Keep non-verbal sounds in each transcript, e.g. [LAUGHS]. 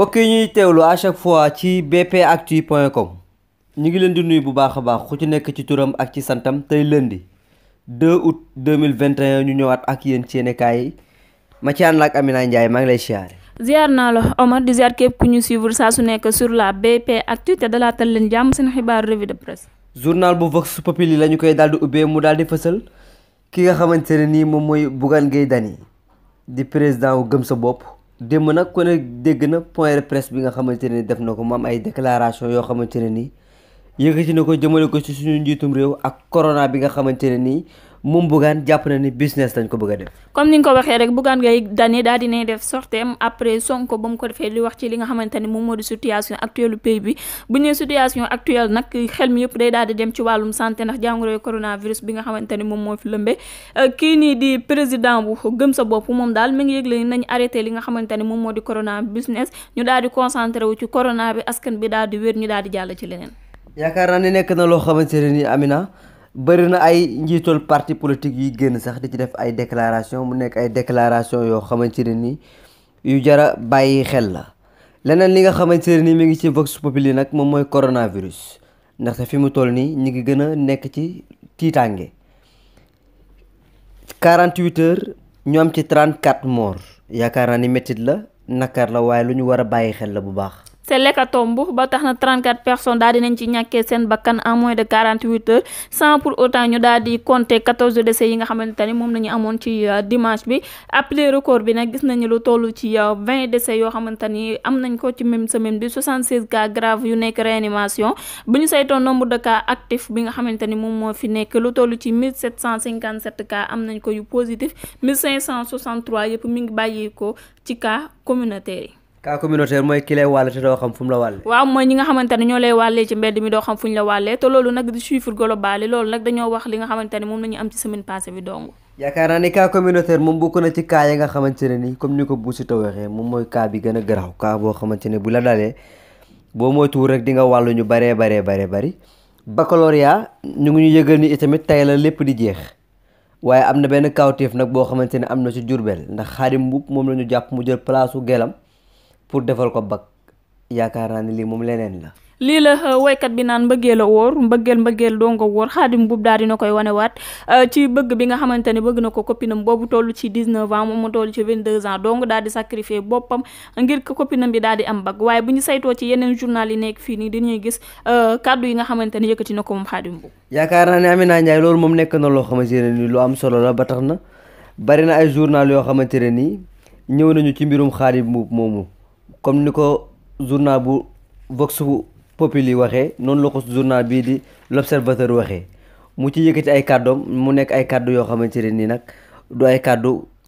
bokk yi ñuy teewlu à chaque fois ci bpactu.com ñu ngi leen di nuyu bu baax a baax ku ci nekk ci turam ak ci santam tey lundi 2 août 2021 ñu ñëwaat ak yéen ci yéenekaay yi la ci ak Amina Ndiaye maa ngi lay siyaare. ziar naa la Omar di ziar képp ku ñu suivre saa su nekk sur la BP Actu te dalaatal leen jàmm seen xibaar revue de presse. journal bu Vox Populi la ñu koy daal di ubbee mu daal di fësal ki nga xamante ne nii moom mooy Bougane Gueye Dany di président wu gëm sa bopp. démb nag ku ne dégg na point de presse bi nga xamante ne def na ko mu am ay déclaration yoo xamante ne nii yëkkati na ko jëmale ko ci suñu njiitum réew ak corona bi nga xamante ne nii moom Bougane jàpp na ni business dañ ko bëgg a comme ni nga ko waxee rek Bougane Gueye Dany daal dinay def sorteem après Sonko ba mu ko defee li wax ci li nga xamante ni moom moo di situation actuelle du pays bi situation actuelle nag xel mi yëpp day daal di dem ci wàllum santé ndax jàngoroy coronavirus bi nga xamante ni moom moo fi lëmbee euh, kii nii di président bu gëm sa bopp moom daal mi ngi yëgle ni nañ arrêté li nga xamante ni moom moo di corona business ñu daal di concentré wu ci corona bi askan bi daal di wér ñu daal di jàll ci leneen. yaakaar naa ne nekk na loo xamante ne ni Amina. bëri na ay njiital parti politique yuy génn sax di ci def ay déclaration mu nekk ay déclaration yoo xamante ne ni yu jara bàyyi xel la leneen li nga xamante ne ni mi ngi ci vox populi nag moom mooy coronavirus ndaxte fi mu toll nii ñu ngi gën a nekk ci tiitaange 48 heures ñu am ci 34 morts yaakaar naa ni métit la nakar la waaye lu ñu war a bàyyi xel la bu baax te lekatomb ba tax na 34 personnes daal dinañ ci ñàkkee seen bakkan en moins de 48 heures sans pour autant ñu daal di compter 14 yi nga xamante ni moom la amoon ci euh, dimanche bi appelé record bi nag gis nañu lu toll ci 20 euh, décès yoo xamante ni am nañ ko ci même semaine bi 76 cas grave yu nekk réanimation bu ñu saytoo nombre de cas actifs bi nga xamante ni moom moo fi nekk lu toll ci 1757 cas am nañ ko yu positif 1563 yëpp mi ngi bàyyi ko ci cas communautaire yi kaa communautaire mooy ki lay te doo xam fu la wàlle waaw mooy ñi nga xamante ne ñoo lay wàllee ci mbedd mi doo xam fu la wàllee te loolu nag di chiffre global yi loolu nag dañoo wax li nga xamante ne moom la ñu am ci semaine passée bi dong yaakaar naa ni cas communautaire moom bokk na ci cas yi nga ne ni comme mooy cas bi gën a garaaw cas boo xamante ne la dalee boo moytuwul rek di nga wàllu ñu baree baree baree bari baccalauréat ñu ngi ñu yëgal ni itamit tey la lépp di jeex waaye am na benn kawteef nag boo xamante ne am na ci Jurbel ndax Xaadim Mbuub moom la ñu jàpp mu jël place u gelam pour defal ko bag yaakaar naa ne lii moom leneen la. lii la euh, woykat bi naan mbëggeel a wóor mbëggeel mbëggeel doo nga wóor xaadim buub daal na koy wanewaat euh, ci bëgg bi nga xamante ne bëgg na ko copinam boobu toll ci 19 ans moom mu toll ci 22 ans daal di sacrifier boppam ngir copinam bi daal di am bag waaye bu ñu saytoo ci yeneen journal yi nekk fii nii ñuy gis euh, kàddu yi nga xamante ne yëkkati na ko moom xaadim buub yaakaar naa ne naa Ndiaye loolu moom nekk na loo xamante ne nii am solo la ba na bari na ay journal yoo xamante ne nii ñëw nañu ci mbirum xaadim buub moomu comme ni ko journal bu Vox yi waxee noonu la ko journal bii di l'Observateur waxee mu ci yëkkati ay kàddoom mu nekk ay kàddu yoo xamante ne nii nag du ay kàddu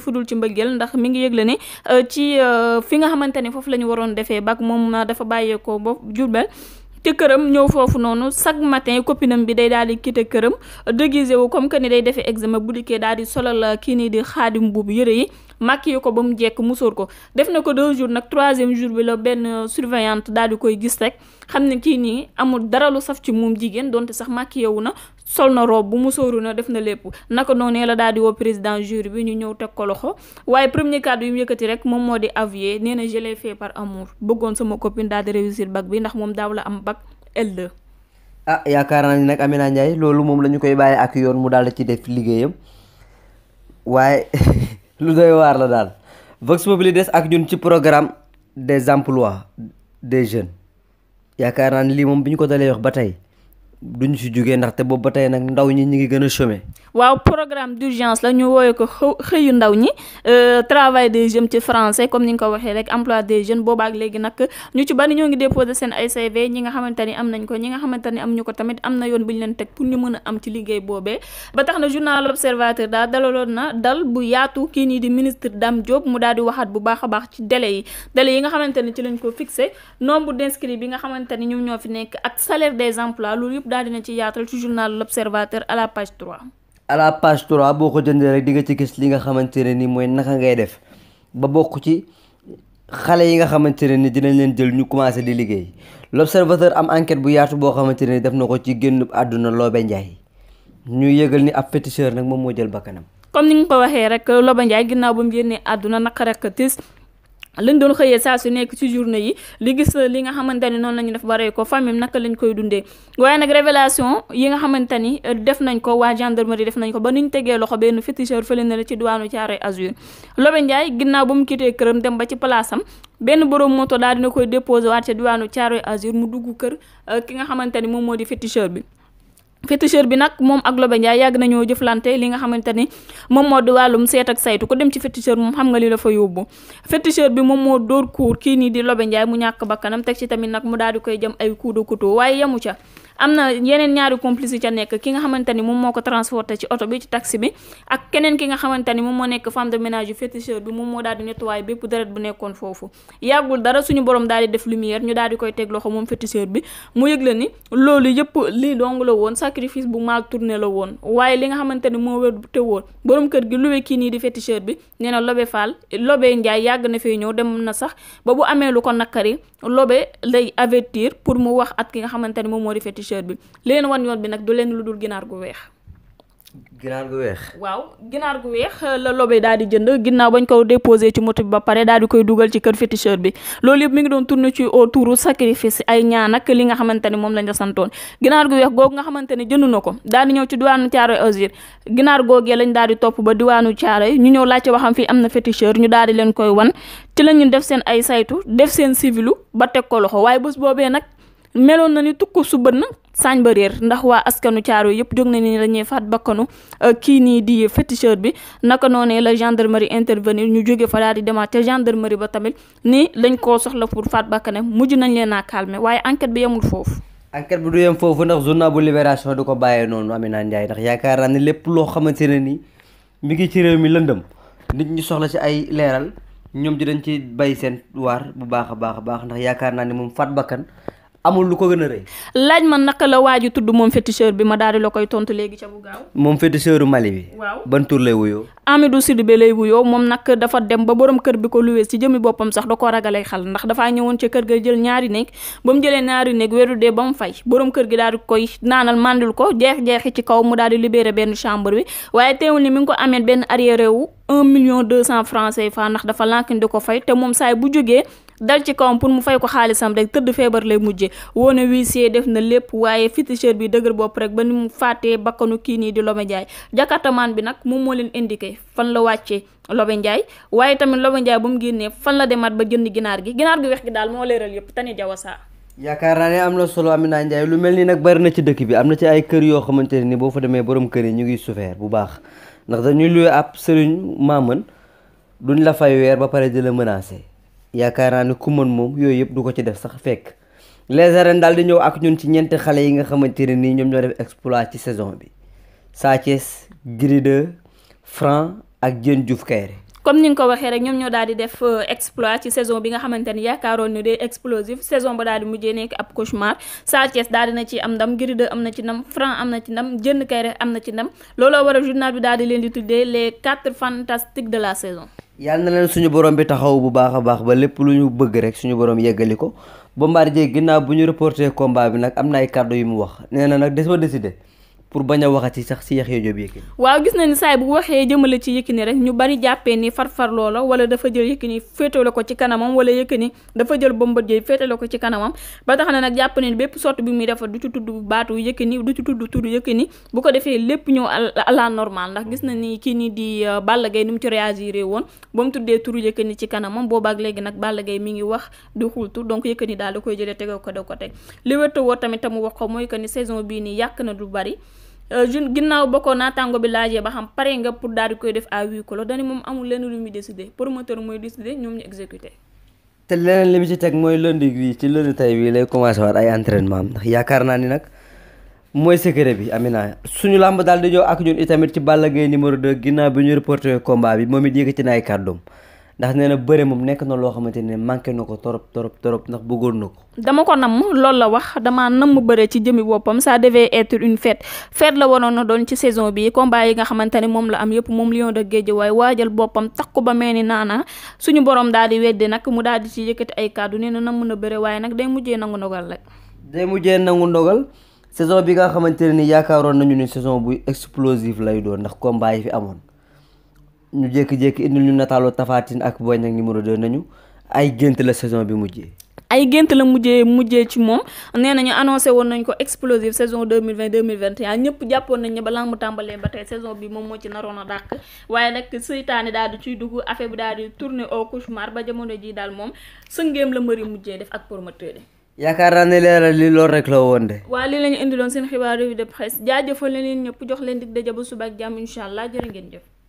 fu dul ci mbëggeel ndax mi ngi yëgle ne euh, ci euh, fi nga xamante ne foofu la ñu waroon defee bac moom euh, dafa bàyyeekoo ba Jurbel te këram ñëw foofu noonu chaque matin copinam bi day daal di quitté këram déguisé wu comme que ni day defee examen bu dikkee daal di solal kii nii di xaadim buubu yëre yi maquillé ko ba mu jekk musóor ko def na ko deux jours nag troisième jour bi la benn euh, surveillante daal di koy gis rek xam ne kii nii amul dara lu saf ci moom jigéen donte sax maquillé wu na sol na robe bu musóoru na def na lépp naka noonee la daal di woo président jury bi ñu ñëw teg ko loxo waaye premier cadre yu mu yëkkati rek moom moo di avier nee na je l'ai fait par amour bëggoon sama copine daal di réussir bac bi ndax moom daaw la am bag L2. ah yaakaar naa ni nag Amina Ndiaye loolu moom la ñu koy bàyyi ak yoon mu daal di ci liggéeyam [LAUGHS] lu doy waar la daal Vox Populi des ak ñun ci programme des emplois des jeunes yaakaar naa ne lii moom bi ñu ko dalee wax ba tey duñu si jugee ndax boobu ba tey nag ndaw ñi ñi ngi gën a chômer. waaw programme d'urgence la ñu wooye ko xëyu ndaw ñi euh, travail des jeunes ci français comme ni nga ko waxee rek emploi des jeunes boobaak léegi nag ñu ci bari ñoo ngi nga xamante ni am nañ ko ñi nga xamante am ñu ko tamit am na yoon bu ñu leen teg pour ñu mën a am ci liggéey boobee ba tax na journal observateur daal dalaloon na dal bu yaatu kii nii di ministre Dame Diop mu daal di waxaat bu baax a baax ci délai yi délai yi nga xamante ni ci lañ ko fixé nombre d'inscrits nga xamante ni ñoom ñoo fi nekk ak salaire des emplois loolu yëpp daal dina ci yaatal ci journal l'Observateur à la page 3. à page 3 boo ko jëndee rek di ci gis li nga xamante ne ni mooy naka ngay def ba bokk ci xale yi nga xamante ne ni dinañ leen jël ñu commencé di liggéey l'Observateur am enquête bu yaatu boo xamante ne def na ko ci génn àdduna Lobé Ndiaye ñu yëgal ni ab féticheur nag moom moo jël bakkanam. comme ni nga ko waxee rek Lobé Ndiaye ginnaaw ba mu àdduna naka rek tis lañ doon xëyee saa su nekk ci journée yi li gis li nga xamante ni noonu lañu def bare ko famille naka lañ koy dundee waaye nag révélation yi nga xamante ni euh, def nañ ko waa gendarmerie def nañ ko ba ñu tegee loxo benn féticheur fële na la ci diwaanu Thiaroye Azur Lobe Ndiaye ginnaaw ba mu quitté këram dem ba ci palaasam benn borom moto daal dina koy déposé waat ci diwaanu Thiaroye Azur mu dugg kër euh, ki nga xamante ni moom moo di féticheur bi féticheur bi nag moom ak Lobé Ndiaye yàgg nañoo jëflante li nga xamante ni moom moo di wàllum seet ak saytu ko dem ci féticheur moom xam nga li la fa yóbbu féticheur bi moom moo dóor kuur kii nii di lobe Ndiaye mu ñàkk bakkanam teg ci tamit nag mu daal di koy jëm ay coup de waaye yemu ca am na yeneen ñaari complice yi ca nekk ki nga xamante ni moom moo ko transporté ci oto bi ci taxi bi ak keneen ki nga xamante ni moom moo nekk femme de ménage yu féticheur bi moom moo daal di nettoyé bépp deret bu nekkoon foofu yàggul dara suñu borom daal def lumière ñu daal koy teg loxo moom féticheur bi mu yëg la ni loolu yëpp lii dong la woon sacrifice bu maag tourné la woon waaye li nga xamante moo wér te woon borom kër gi luwe kii nii di féticheur bi nee na lobe faal lobe njaay yàgg na fee ñëw dem na sax ba t-shirt bi li leen wan yoon bi nag du leen lu dul ginaar gu weex. ginaar weex. waaw ginaar gu weex euh, la lobé daal di jënd ginnaaw bañ ko déposé ci moto bi ba pare daal di koy dugal ci kër féticheur bi loolu yëpp mi ngi doon tourné ci autour sacrifice ay ñaan ak li nga xamante ne moom lañ la santoon ginaar gu weex googu nga xamante ne jënd na ko daal di ñëw ci diwaanu Thiaroye Azur ginaar googee lañ daal di topp ba diwaanu yi ñu ñëw laajte waxam fi am na féticheur ñu daal di koy wan ci la ñu def seen ay saytu def seen civilu ba teg ko meloon na ni tukku su bënn saañ ba réer ndax waa askanu caaro yëpp jóg na ni dañuy faat bakkanu euh, kii nii di féticheur bi naka noonee la gendarmerie intervenir ñu jóge fa daal di demaat ca gendarmerie ba tamit nii lañ koo soxla pour faat bakkane mujj nañ leen a calmer waaye enquête bi yemul foofu. enquête bi du yem foofu ndax journal bu libération du ko bàyyee noonu Amina Ndiaye ndax yaakaar naa ne lépp loo xamante ne nii mi ngi ci réew mi lëndëm nit ñi soxla ci ay leeral ñoom di dañ ci bay seen waar bu baax a baax a baax ndax yaakaar naa ne moom faat bakkan amul lu ko gën a rëy. laaj man naka la waa tudd moom féticheur bi ma daal di la koy tontu léegi ca bu gaaw. moom féticheur Mali bi. waaw ban tur lay du Amidou Sidibé lay wuyoo moom nag dafa dem ba borom kër bi ko luwee ci jëmi boppam sax da ko ragalay xal ndax dafaa ñëwoon ca kër ga jël ñaari néeg ba mu jëlee ñaari néeg weeru dee ba mu fay borom kër gi daal koy naanal mandil ko jeex jeexi ci kaw mu daal di libéré benn chambre bi waaye teewul ni mi ngi ko amee benn arriéré wu. un million deux cent francs CFA ndax dafa lànk di ko fay te moom saay bu jógee dal ci kawam pour mu fay ko xaalisam rek tëdd feebar lay mujjee woone huissier def na lépp waaye féticheur bi dëgër bopp rek ba nu mu fàttee bakkanu kii nii di Lobé Ndiaye jakartamaan bi nag moom moo leen indiqué fan la wàccee Lobé Ndiaye waaye tamit Lobé Ndiaye ba mu génnee fan la demaat ba jënd ginaar gi ginaar gi weex gi daal moo leeral yëpp tani jawasaa yaakaar naa ne am na solo Amina Ndiaye lu mel ni nag bari na ci dëkk bi am na ci ay kër yoo xamante ni boo fa demee borom kër yi ñu ngi souffert bu baax ndax dañuy luwe ab sëriñ maaman duñ la fay weer ba pare di la menacer yaakaar naa ne ku mën moom yooyu yëpp du ko ci def sax fekk les arènes daal di ñëw ak ñun ci ñeenti xale yi nga xamante ne nii ñoom ñoo def exploit ci saison bi Sa Thiès Gris ak Diène Diouf Kairé comme ni nga ko waxee rek ñoom ñoo daal di def euh, exploit ci saison bi xamante ni yaakaaroon ne day explosif saison ba daal di mujjee nekk ab cauchemar Sa Thiès daal dina ci am ndam Gris am na ci ndam Franc am na ci ndam Diène Kairé am na ci ndam looloo waral journal bi daal di leen di tuddee les quatre fantastiques de la saison yàlla na leen suñu borom bi taxaw bu baax a baax ba lépp lu ñu bëgg rek suñu borom yeggali ko ba jee ginnaaw bu ñu reporté combat bi nag am na ay kàddu yu mu wax nee na nag des ma décidé pour bañ a waxati sax si Yaxya Joob Yékini waaw gis na ni saay bu waxee jëmale ci Yékini rek ñu bari jàppee ni farfar loola wala dafa jël Yékini féetale ko ci kanamam wala Yékini dafa jël Bombardier féetale ko ci kanamam ba tax na nag jàpp ne bépp sorte bi muy defar du tudd baatu Yékini du ci tudd tudd Yékini bu ko defee lépp ñëw à la normale gis na ni kii nii di euh, Balla Gaye ni mu ci woon ba tuddee turu Yékini ci kanamam boobaak léegi nag Balla Gaye mi ngi wax di xul tur donc Yékini daal da koy jëlee tegoo ko da ko teg li wétta woo tamit tamu wax ko mooy que ni saison bii nii yàq na du bari Euh, jun ginnaaw ba ko naataango bi laajee ba xam pare nga pour daal di koy def à huis clos dañu moom amul lenn lu muy décidé promoteur mooy décidé ñoom ñu exécuté. te leneen li mu ci teg mooy lundi bi ci lundi tey wii lay commencé waat ay entraînement am yaakaar naa ni nag mooy secret bi Amina suñu làmb daal di ñëw ak ñun itamit ci Balla Gaye numéro 2 ginnaaw bi ñu reporté combat bi moom it ci na ay kàddoom ndax nee na bëre moom nekk na loo xamante ne manqué na ko torop torop torop ndax bëggoon na ko. dama ko namm loolu la wax damaa namm bëre ci jëmi boppam ça devait être une fête fête la waroon na doon ci saison bi combat yi nga xamante ne moom la am yëpp moom Lion de Guédiawaye waajal boppam takku ba mel ni naana suñu borom di weddi nag mu daal di ci yëkkati ay kàddu nee na namm na bëre waaye nag day mujjee nangu ndogal rek. day mujjee nangu ndogal. saison bi nga xamante ne ni yaakaaroon nañu ne saison bu explosive lay doon ndax combat yi fi amoon ñu jékki-jékki indi ñu nataalu Tafatine ak Boy Niang numéro 2 nañu ay gént la saison bi mujjee. ay gént la mujjee mujjee ci moom nee nañu annoncé woon nañ ko explosive saison 2020 2021 ñëpp jàppoon nañ ne balaa mu tàmbalee ba tey saison bi moom moo ci naroon a dàq waaye nag seytaane daal di ciy dugg affaire bi daal di tourner au cauchemar ba jamono ji daal moom sëngeem la mëri mujjee def ak promoteur yi yaakaar naa ne leeral loolu rek la woon de waa lii la ñu seen xibaar revue de jaajëfal leen ñëpp jox leen dig daje ba suba ak jàmm allah jërë ngeen jëf